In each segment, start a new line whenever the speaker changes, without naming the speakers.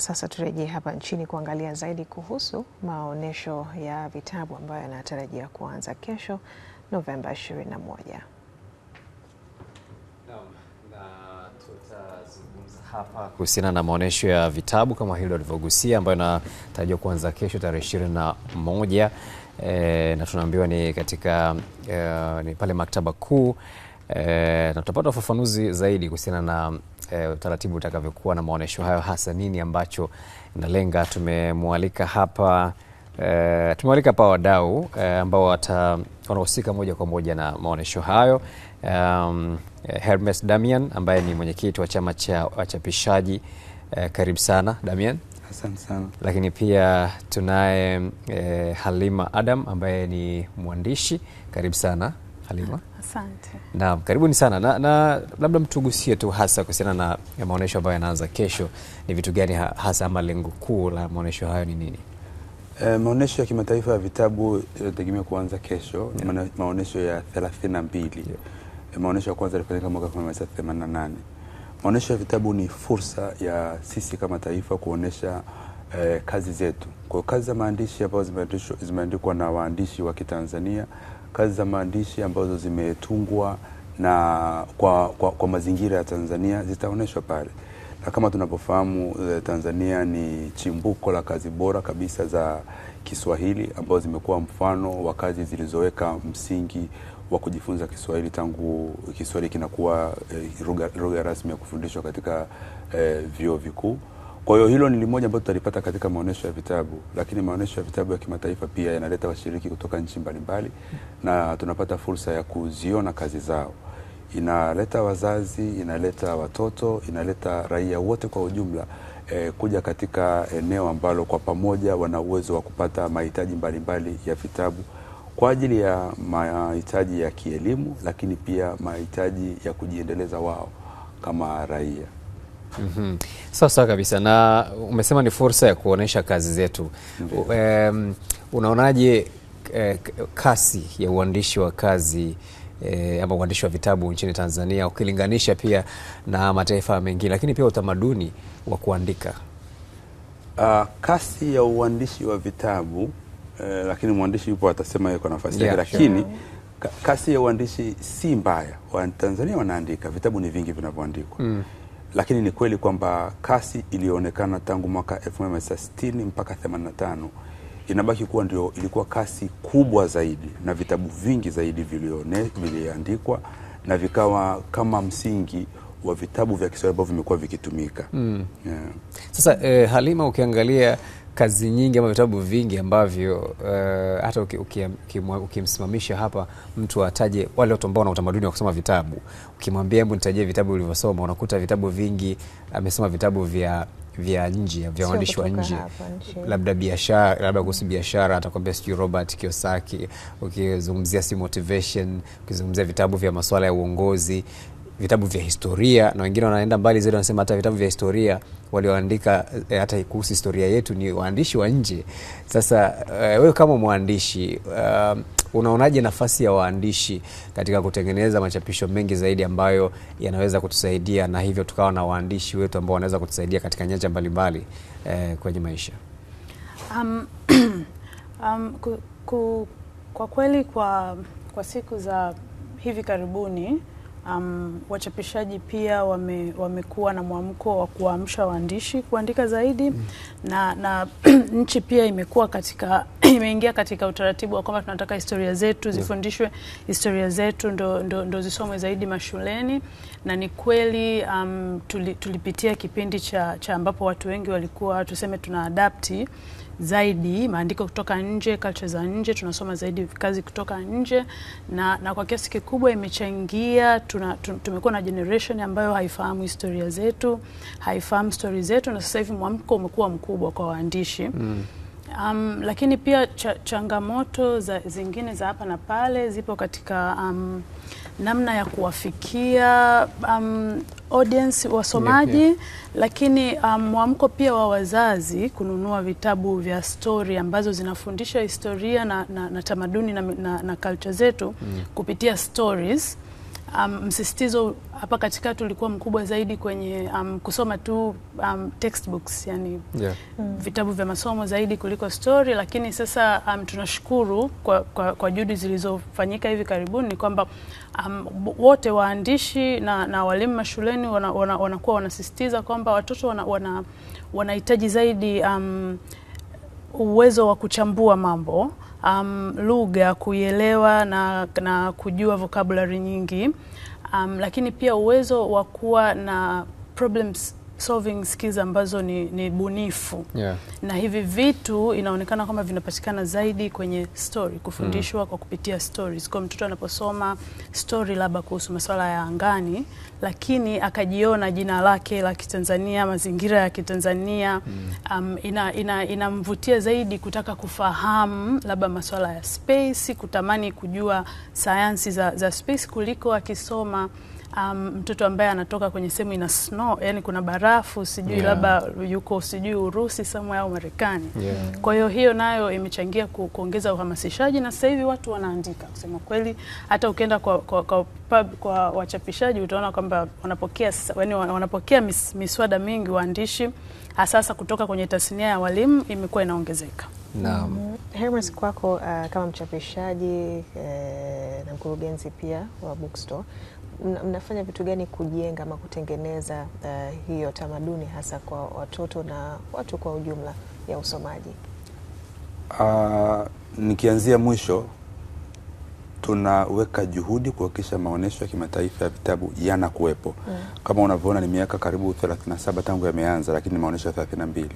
sasa turejee hapa nchini kuangalia zaidi kuhusu maonyesho ya vitabu ambayo yanatarajia kuanza kesho Novemba 21.
hapa kuhusiana na maonyesho ya vitabu kama hilo alivyogusia, ambayo inatarajiwa kuanza kesho tarehe 21 e, eh, na tunaambiwa ni katika e, ni pale maktaba kuu Eh, na tutapata ufafanuzi zaidi kuhusiana na e, eh, utaratibu utakavyokuwa na maonyesho hayo, hasa nini ambacho inalenga. Tumemwalika hapa Uh, eh, tumewalika hapa wadau uh, ambao wanahusika moja kwa moja na maonyesho hayo um, Hermes Damian ambaye ni mwenyekiti wa chama cha wachapishaji uh, karibu sana Damian. Asante sana. Lakini pia tunaye uh, Halima Adam ambaye ni mwandishi, karibu sana Halima. Asante. Naam, karibuni sana na, na labda mtugusie tu hasa kuhusiana na maonyesho ambayo yanaanza kesho, ni vitu gani hasa ama lengo kuu la maonyesho hayo ni nini?
E, eh, maonyesho ya kimataifa ya vitabu yanategemea kuanza kesho yeah. Maonyesho ya thelathini na mbili yeah. E, eh, maonyesho ya kwanza yalifanyika mwaka 1988. Maonyesho ya vitabu ni fursa ya sisi kama taifa kuonesha eh, kazi zetu kwa kazi za maandishi ambazo zimeandikwa na waandishi wa Kitanzania kazi za maandishi ambazo zimetungwa na kwa, kwa, kwa mazingira ya Tanzania zitaonyeshwa pale, na kama tunavyofahamu eh, Tanzania ni chimbuko la kazi bora kabisa za Kiswahili ambazo zimekuwa mfano wa kazi zilizoweka msingi wa kujifunza Kiswahili tangu Kiswahili kinakuwa eh, lugha eh, rasmi ya kufundishwa katika eh, vyuo vikuu. Kwa hiyo hilo ni limoja ambalo tutalipata katika maonyesho ya vitabu, lakini maonyesho ya vitabu ya kimataifa pia yanaleta washiriki kutoka nchi mbalimbali na tunapata fursa ya kuziona kazi zao. Inaleta wazazi, inaleta watoto, inaleta raia wote kwa ujumla eh, kuja katika eneo ambalo kwa pamoja wana uwezo wa kupata mahitaji mbalimbali ya vitabu kwa ajili ya mahitaji ya kielimu, lakini pia mahitaji ya kujiendeleza wao kama raia.
Mm -hmm. Sawa sawa kabisa, na umesema ni fursa ya kuonesha kazi zetu. Um, unaonaje eh, kasi ya uandishi wa kazi eh, ama uandishi wa vitabu nchini Tanzania ukilinganisha pia na mataifa mengine, lakini pia utamaduni wa kuandika?
Uh, kasi ya uandishi wa vitabu eh, lakini mwandishi yupo atasema yuko nafasi yake, yeah, lakini sure. Kasi ya uandishi si mbaya, Watanzania wanaandika vitabu, ni vingi vinavyoandikwa mm lakini ni kweli kwamba kasi iliyoonekana tangu mwaka 1960 mpaka 85 inabaki kuwa ndio ilikuwa kasi kubwa zaidi na vitabu vingi zaidi viliandikwa na vikawa kama msingi wa vitabu vya Kiswahili ambavyo vimekuwa vikitumika mm.
Yeah. Sasa eh, Halima, ukiangalia kazi nyingi ama vitabu vingi ambavyo uh, hata ukimsimamisha uki, uki hapa mtu ataje wale watu ambao wana utamaduni wa kusoma vitabu, ukimwambia hebu nitajie vitabu ulivyosoma, unakuta vitabu vingi amesoma vitabu vya vya nje vya waandishi wa nje, labda biashara, labda kuhusu biashara atakwambia sijui Robert Kiyosaki. Ukizungumzia si motivation, ukizungumzia vitabu vya masuala ya uongozi vitabu vya historia, na wengine wanaenda mbali zaidi, wanasema hata vitabu vya historia walioandika e, hata kuhusu historia yetu ni waandishi wa nje. Sasa eh, wewe kama mwandishi um, unaonaje nafasi ya waandishi katika kutengeneza machapisho mengi zaidi ambayo yanaweza kutusaidia na hivyo tukawa na waandishi wetu ambao wanaweza kutusaidia katika nyanja mbalimbali eh, kwenye maisha? Um,
um, ku, ku, kwa kweli kwa, kwa siku za hivi karibuni Um, wachapishaji pia wame, wamekuwa na mwamko wa kuamsha waandishi kuandika zaidi mm. na, na nchi pia imekuwa katika imeingia katika utaratibu wa kwamba tunataka historia zetu mm. zifundishwe, historia zetu ndo, ndo, ndo zisomwe zaidi mashuleni, na ni kweli um, tulipitia kipindi cha, cha ambapo watu wengi walikuwa tuseme tuna adapti zaidi maandiko kutoka nje, culture za nje, tunasoma zaidi kazi kutoka nje na, na kwa kiasi kikubwa imechangia tuna, tumekuwa na generation ambayo haifahamu historia zetu, haifahamu stori zetu, na sasa hivi mwamko umekuwa mkubwa kwa waandishi mm. Um, lakini pia ch changamoto za, zingine za hapa na pale zipo katika um, namna ya kuwafikia um, audience wasomaji yep, yep. Lakini um, mwamko um, pia wa wazazi kununua vitabu vya stori ambazo zinafundisha historia na, na, na tamaduni na, na, na culture zetu mm. kupitia stories um, msisitizo hapa katikati ulikuwa mkubwa zaidi kwenye um, kusoma tu um, textbooks yani yeah. mm. vitabu vya masomo zaidi kuliko story, lakini sasa um, tunashukuru kwa, kwa, kwa juhudi zilizofanyika hivi karibuni kwamba um, wote waandishi na, na walimu mashuleni wanakuwa wana, wana wanasisitiza kwamba watoto wanahitaji wana, wana zaidi um, uwezo wa kuchambua mambo um, lugha kuielewa na, na kujua vocabulary nyingi um, lakini pia uwezo wa kuwa na problems solving skills ambazo ni, ni bunifu yeah. Na hivi vitu inaonekana kwamba vinapatikana zaidi kwenye story, kufundishwa mm. kwa kupitia stories. Kwa mtoto anaposoma story labda kuhusu masuala ya angani, lakini akajiona jina lake la Kitanzania, mazingira ya Kitanzania mm. um, inamvutia ina, ina zaidi kutaka kufahamu labda masuala ya space, kutamani kujua sayansi za, za space kuliko akisoma Um, mtoto ambaye anatoka kwenye sehemu ina snow, yani kuna barafu sijui yeah. labda yuko sijui Urusi somewhere au Marekani yeah. Kwa hiyo hiyo nayo imechangia kuongeza uhamasishaji na sasa hivi watu wanaandika kusema kweli, hata ukienda kwa, kwa, kwa, kwa, kwa wachapishaji utaona kwamba wanapokea, yani wanapokea mis, miswada mingi waandishi hasasa kutoka kwenye tasnia ya walimu imekuwa inaongezeka. Naam.
Mm -hmm. Hermes, kwako uh, kama mchapishaji eh, na mkurugenzi pia wa bookstore mnafanya vitu gani kujenga ama kutengeneza uh, hiyo tamaduni hasa kwa watoto na watu kwa ujumla ya usomaji?
Uh, nikianzia mwisho, tunaweka juhudi kuhakikisha maonyesho ya kimataifa ya vitabu yanakuwepo. mm. Kama unavyoona ni miaka karibu 37 tangu yameanza, lakini maonyesho ya 32.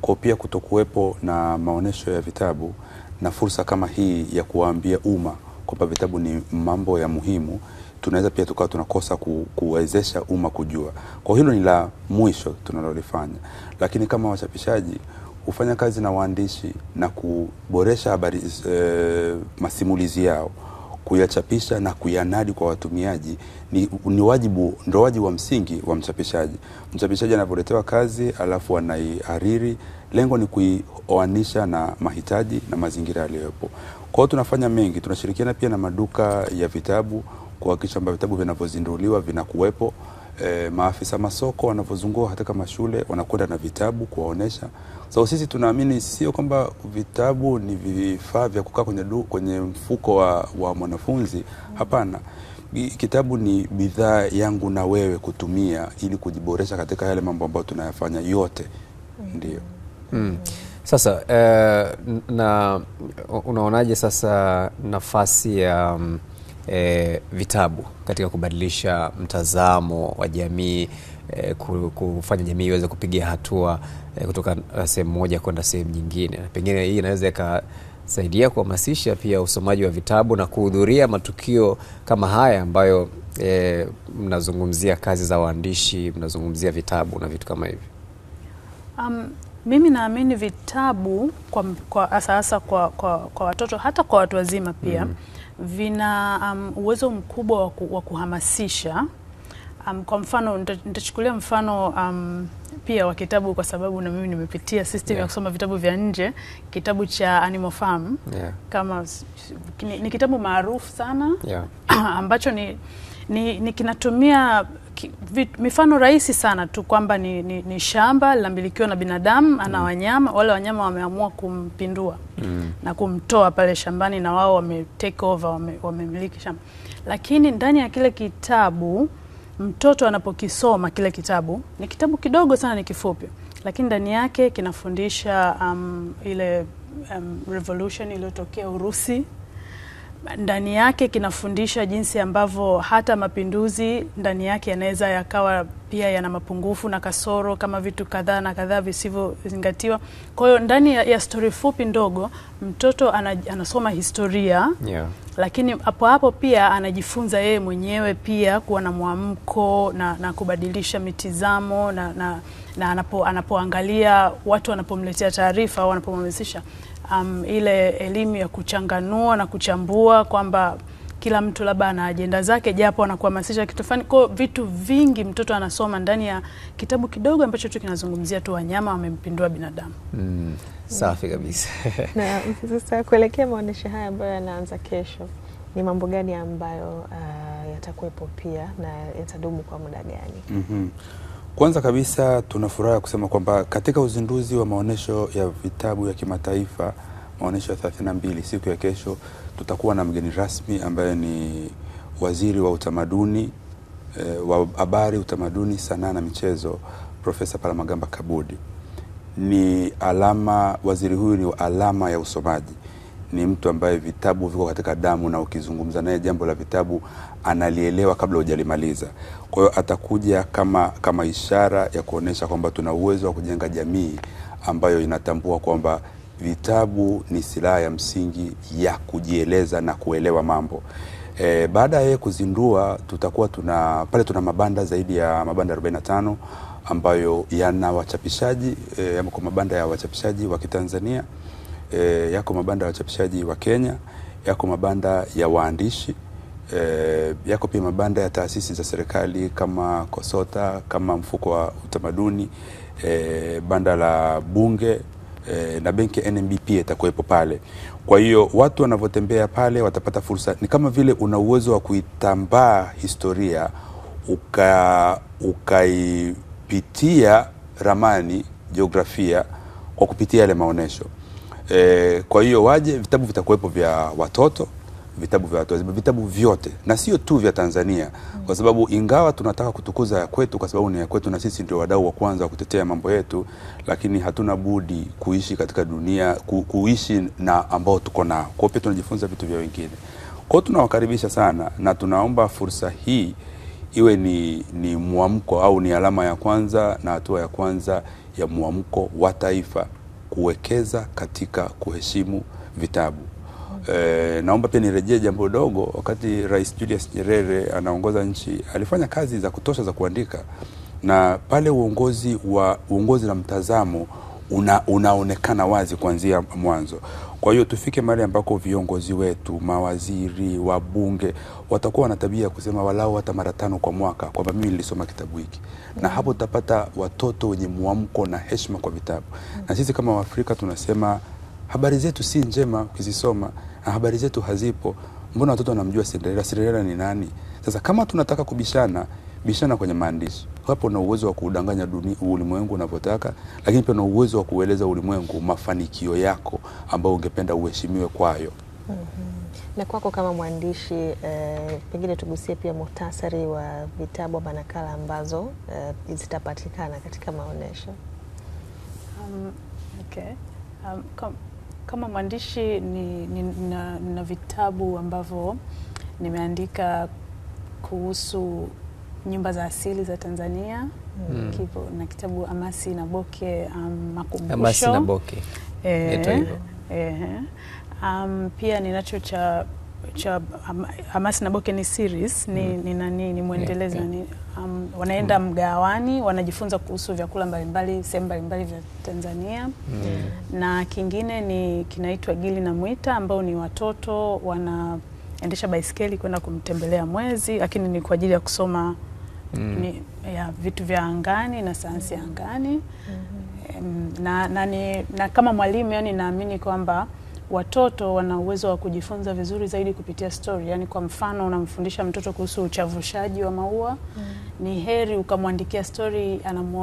Kwa pia kutokuwepo na maonyesho ya vitabu na fursa kama hii ya kuwaambia umma kwamba vitabu ni mambo ya muhimu tunaweza pia tukawa tunakosa ku, kuwezesha umma kujua. Kwa hilo ni la mwisho tunalolifanya, lakini kama wachapishaji hufanya kazi na waandishi na kuboresha habari e, masimulizi yao kuyachapisha na kuyanadi kwa watumiaji ni, ni wajibu ndo wajibu wa msingi wa mchapishaji. Mchapishaji anapoletewa kazi alafu anaihariri, lengo ni kuioanisha na mahitaji na mazingira yaliyopo. Kwa hiyo tunafanya mengi, tunashirikiana pia na maduka ya vitabu kuhakikisha kwamba vitabu vinavyozinduliwa vinakuwepo. E, maafisa masoko wanavyozunguka katika mashule wanakwenda na vitabu kuwaonesha. So sisi tunaamini sio kwamba vitabu ni vifaa vya kukaa kwenye, kwenye mfuko wa, wa mwanafunzi hapana. Kitabu ni bidhaa yangu na wewe kutumia ili kujiboresha katika yale mambo ambayo tunayafanya yote, ndio
mm. Sasa uh, na unaonaje sasa nafasi ya um, e, vitabu katika kubadilisha mtazamo wa jamii e, kufanya jamii iweze kupiga hatua e, kutoka sehemu moja kwenda sehemu nyingine, na pengine hii inaweza ikasaidia kuhamasisha pia usomaji wa vitabu na kuhudhuria matukio kama haya ambayo e, mnazungumzia kazi za waandishi, mnazungumzia vitabu na vitu kama hivi.
Um, mimi naamini vitabu kwa, kwa hasa kwa, kwa, kwa watoto hata kwa watu wazima pia mm. vina um, uwezo mkubwa wa waku, kuhamasisha um, kwa mfano nitachukulia mfano um, pia wa kitabu kwa sababu na mimi nimepitia system yeah. ya kusoma vitabu vya nje, kitabu cha Animal Farm yeah. kama ni, ni kitabu maarufu sana yeah. ambacho ni ni, ni kinatumia mifano rahisi sana tu kwamba ni, ni, ni shamba linamilikiwa na binadamu ana mm. wanyama wale wanyama wameamua kumpindua mm. na kumtoa pale shambani na wao wame take over wamemiliki wame shamba, lakini ndani ya kile kitabu mtoto anapokisoma kile kitabu, ni kitabu kidogo sana, ni kifupi, lakini ndani yake kinafundisha um, ile um, revolution iliyotokea Urusi ndani yake kinafundisha jinsi ambavyo hata mapinduzi ndani yake yanaweza yakawa pia yana mapungufu na kasoro kama vitu kadhaa na kadhaa visivyozingatiwa. Kwa hiyo ndani ya, ya stori fupi ndogo mtoto anasoma historia yeah. Lakini hapo hapo pia anajifunza yeye mwenyewe pia kuwa na mwamko na, na kubadilisha mitizamo na, na, na anapo, anapoangalia watu wanapomletea taarifa au wanapomhamasisha um, ile elimu ya kuchanganua na kuchambua kwamba kila mtu labda ana ajenda zake, japo anakuhamasisha kitu fulani. Kwa vitu vingi mtoto anasoma ndani ya kitabu kidogo ambacho tu kinazungumzia tu wanyama wamempindua binadamu. Mm,
safi kabisa.
Na sasa kuelekea maonesho haya ambayo yanaanza kesho, ni mambo gani ambayo uh, yatakuwepo pia na yatadumu kwa muda gani? mm -hmm.
Kwanza kabisa tuna furaha ya kusema kwamba katika uzinduzi wa maonyesho ya vitabu ya kimataifa, maonyesho ya 32 siku ya kesho, tutakuwa na mgeni rasmi ambaye ni waziri wa utamaduni e, wa habari, utamaduni, sanaa na michezo, Profesa Palamagamba Kabudi. Ni alama, waziri huyu ni alama ya usomaji ni mtu ambaye vitabu viko katika damu, na ukizungumza naye jambo la vitabu analielewa kabla hujalimaliza. Kwa hiyo atakuja kama, kama ishara ya kuonyesha kwamba tuna uwezo wa kujenga jamii ambayo inatambua kwamba vitabu ni silaha ya msingi ya kujieleza na kuelewa mambo. E, baada ya yeye kuzindua tutakuwa tuna pale tuna mabanda zaidi ya mabanda 45 ambayo yana wachapishaji e, kwa mabanda ya wachapishaji wa Kitanzania e, yako mabanda ya wachapishaji wa Kenya, yako mabanda ya waandishi e, yako pia mabanda ya taasisi za serikali kama Kosota, kama mfuko wa utamaduni e, banda la bunge e, na benki ya NMB pia itakuwepo pale. Kwa hiyo watu wanavyotembea pale watapata fursa, ni kama vile una uwezo wa kuitambaa historia uka ukaipitia ramani jiografia kwa kupitia yale maonyesho. E, kwa hiyo waje, vitabu vitakuwepo vya watoto, vitabu vya watu wazima, vitabu vyote na sio tu vya Tanzania, mm. kwa sababu ingawa tunataka kutukuza ya kwetu, kwa sababu ni ya kwetu na sisi ndio wadau wa kwanza wa kutetea mambo yetu, lakini hatuna budi kuishi katika dunia ku, kuishi na ambao tuko nao, kwa hiyo tunajifunza vitu vya wengine. Kwa tunawakaribisha sana na tunaomba fursa hii iwe ni, ni mwamko au ni alama ya kwanza na hatua ya kwanza ya mwamko wa taifa kuwekeza katika kuheshimu vitabu. E, naomba pia nirejee jambo dogo. Wakati Rais Julius Nyerere anaongoza nchi alifanya kazi za kutosha za kuandika, na pale uongozi wa uongozi na mtazamo una, unaonekana wazi kuanzia mwanzo. Kwa hiyo tufike mahali ambako viongozi wetu, mawaziri, wabunge watakuwa wana tabia ya kusema walau hata mara tano kwa mwaka kwamba mimi nilisoma kitabu hiki mm. na hapo tutapata watoto wenye mwamko na heshima kwa vitabu mm. na sisi kama Waafrika tunasema habari zetu si njema ukizisoma, na habari zetu hazipo. Mbona watoto wanamjua Cinderella? Cinderella ni nani? Sasa kama tunataka kubishana, bishana kwenye maandishi hapo na uwezo wa kudanganya dunia ulimwengu unavyotaka, lakini pia na uwezo wa kueleza ulimwengu mafanikio yako ambayo ungependa uheshimiwe kwayo. mm
-hmm. Na kwako kama mwandishi eh, pengine tugusie pia muhtasari wa vitabu ama nakala ambazo eh, zitapatikana katika maonyesho.
um, okay. um, kom kama mwandishi ni, ni, na, na vitabu ambavyo nimeandika kuhusu nyumba za asili za Tanzania mm. Kipo na kitabu Amasi na Boke um, makumbusho
Amasi na Boke e,
e, um, pia ninacho cha cha Amasi na Boke ni series ni, mm. ni, nani, ni mwendelezo yeah, yeah. Um, wanaenda mm. mgawani wanajifunza kuhusu vyakula mbalimbali sehemu mbalimbali vya Tanzania mm. na kingine ni kinaitwa Gili na Mwita ambao ni watoto wanaendesha baisikeli kwenda kumtembelea mwezi, lakini ni kwa ajili ya kusoma mm. ni ya vitu vya angani na sayansi ya angani mm -hmm. na, na, ni, na kama mwalimu yani naamini kwamba watoto wana uwezo wa kujifunza vizuri zaidi kupitia story. yani kwa mfano unamfundisha mtoto kuhusu uchavushaji wa maua mm. Ni heri ukamwandikia story,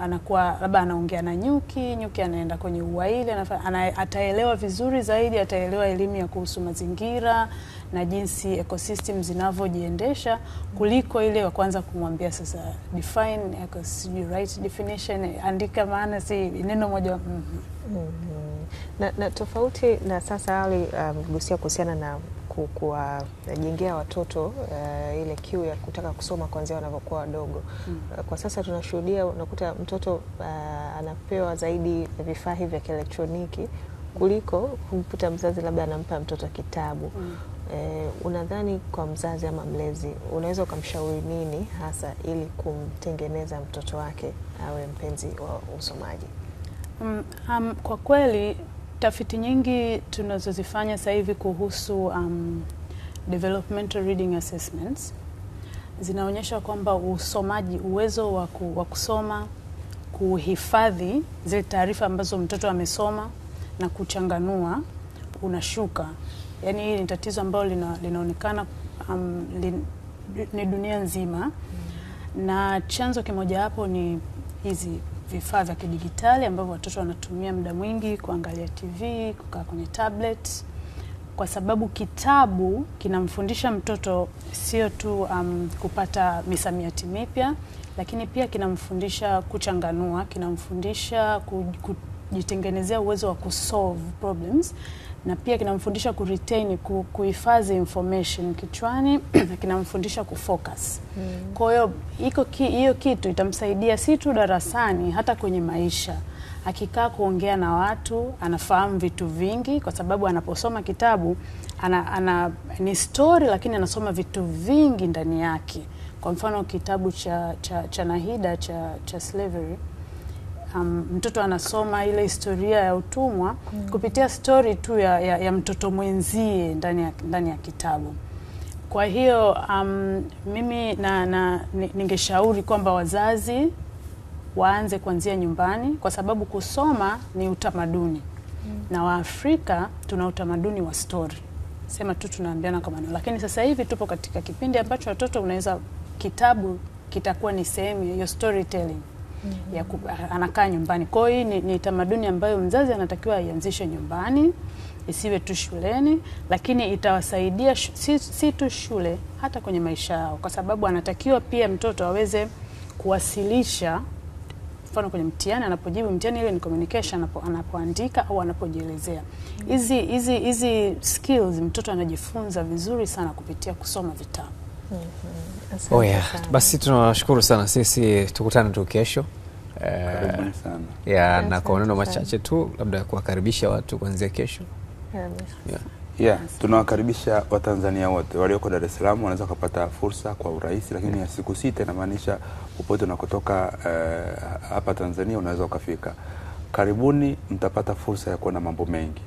anakuwa labda anaongea na nyuki, nyuki anaenda kwenye ua ile, ataelewa vizuri zaidi, ataelewa elimu ya kuhusu mazingira na jinsi ecosystem zinavyojiendesha kuliko ile wa kwanza kumwambia sasa define, right definition, andika maana, si neno moja mm -hmm. Mm
-hmm na, na tofauti na sasa Ali amegusia um, kuhusiana na kuwajengea watoto uh, ile kiu ya kutaka kusoma kuanzia wanavyokuwa wadogo mm. Kwa sasa tunashuhudia unakuta mtoto uh, anapewa zaidi vifaa hivi vya kielektroniki kuliko kumkuta mzazi labda anampa mtoto kitabu mm. Eh, unadhani kwa mzazi ama mlezi unaweza ukamshauri nini hasa ili kumtengeneza mtoto wake awe mpenzi wa usomaji?
Um, um, kwa kweli Tafiti nyingi tunazozifanya sasa hivi kuhusu um, developmental reading assessments zinaonyesha kwamba usomaji, uwezo wa kusoma, kuhifadhi zile taarifa ambazo mtoto amesoma na kuchanganua unashuka. Yaani hili ni tatizo ambalo lina, linaonekana um, lin, ni dunia nzima mm. Na chanzo kimojawapo ni hizi vifaa vya kidigitali ambavyo watoto wanatumia muda mwingi kuangalia TV, kukaa kwenye tablet, kwa sababu kitabu kinamfundisha mtoto sio tu um, kupata misamiati mipya, lakini pia kinamfundisha kuchanganua, kinamfundisha kujitengenezea uwezo wa kusolve problems na pia kinamfundisha ku retain kuhifadhi information kichwani na kinamfundisha kufocus. Mm. Kwa hiyo iko hiyo kitu itamsaidia si tu darasani, hata kwenye maisha. Akikaa kuongea na watu anafahamu vitu vingi, kwa sababu anaposoma kitabu ana, ana, ni story lakini anasoma vitu vingi ndani yake. Kwa mfano kitabu cha, cha, cha Nahida cha, cha slavery um, mtoto anasoma ile historia ya utumwa mm. kupitia stori tu ya, ya, ya mtoto mwenzie ndani ya, ndani ya kitabu. Kwa hiyo um, mimi na, na ningeshauri kwamba wazazi waanze kuanzia nyumbani kwa sababu kusoma ni utamaduni mm. na Waafrika tuna utamaduni wa stori, sema tu tunaambiana kwa maneno, lakini sasa hivi tupo katika kipindi ambacho watoto unaweza, kitabu kitakuwa ni sehemu ya hiyo storytelling. Mm-hmm. ya ku, anakaa nyumbani. Kwa hiyo ni, ni tamaduni ambayo mzazi anatakiwa aianzishe nyumbani, isiwe tu shuleni, lakini itawasaidia sh, si, si tu shule, hata kwenye maisha yao, kwa sababu anatakiwa pia mtoto aweze kuwasilisha mfano kwenye mtihani anapojibu mtihani, ile ni communication anapo, anapoandika au anapojielezea. Mm-hmm. Hizi hizi hizi skills mtoto anajifunza vizuri sana kupitia kusoma vitabu mm
-hmm. Oh, yeah. Basi tunashukuru sana sisi, tukutane tu kesho uh,
eh,
yeah, na kwa maneno machache tu labda kuwakaribisha watu kuanzia kesho yeah.
Yeah. Yeah, tunawakaribisha Watanzania wote walioko Dar es Salaam wanaweza kupata fursa kwa urahisi, lakini yeah. ya siku sita inamaanisha popote unakotoka uh, hapa Tanzania unaweza ukafika. Karibuni, mtapata fursa ya kuona mambo mengi,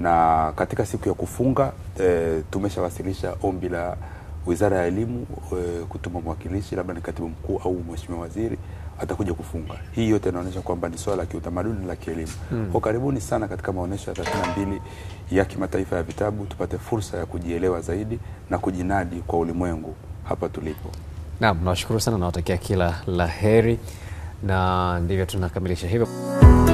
na katika siku ya kufunga uh, tumeshawasilisha ombi la wizara ya elimu e, kutuma mwakilishi labda ni katibu mkuu au mheshimiwa waziri atakuja kufunga. Hii yote inaonyesha kwamba ni swala la kiutamaduni la kielimu. Mm. Kwa karibuni sana katika maonyesho ya 32 ya kimataifa ya vitabu tupate fursa ya kujielewa zaidi na kujinadi kwa ulimwengu hapa tulipo.
Naam, nawashukuru sana, nawatakia kila la heri, na ndivyo tunakamilisha hivyo.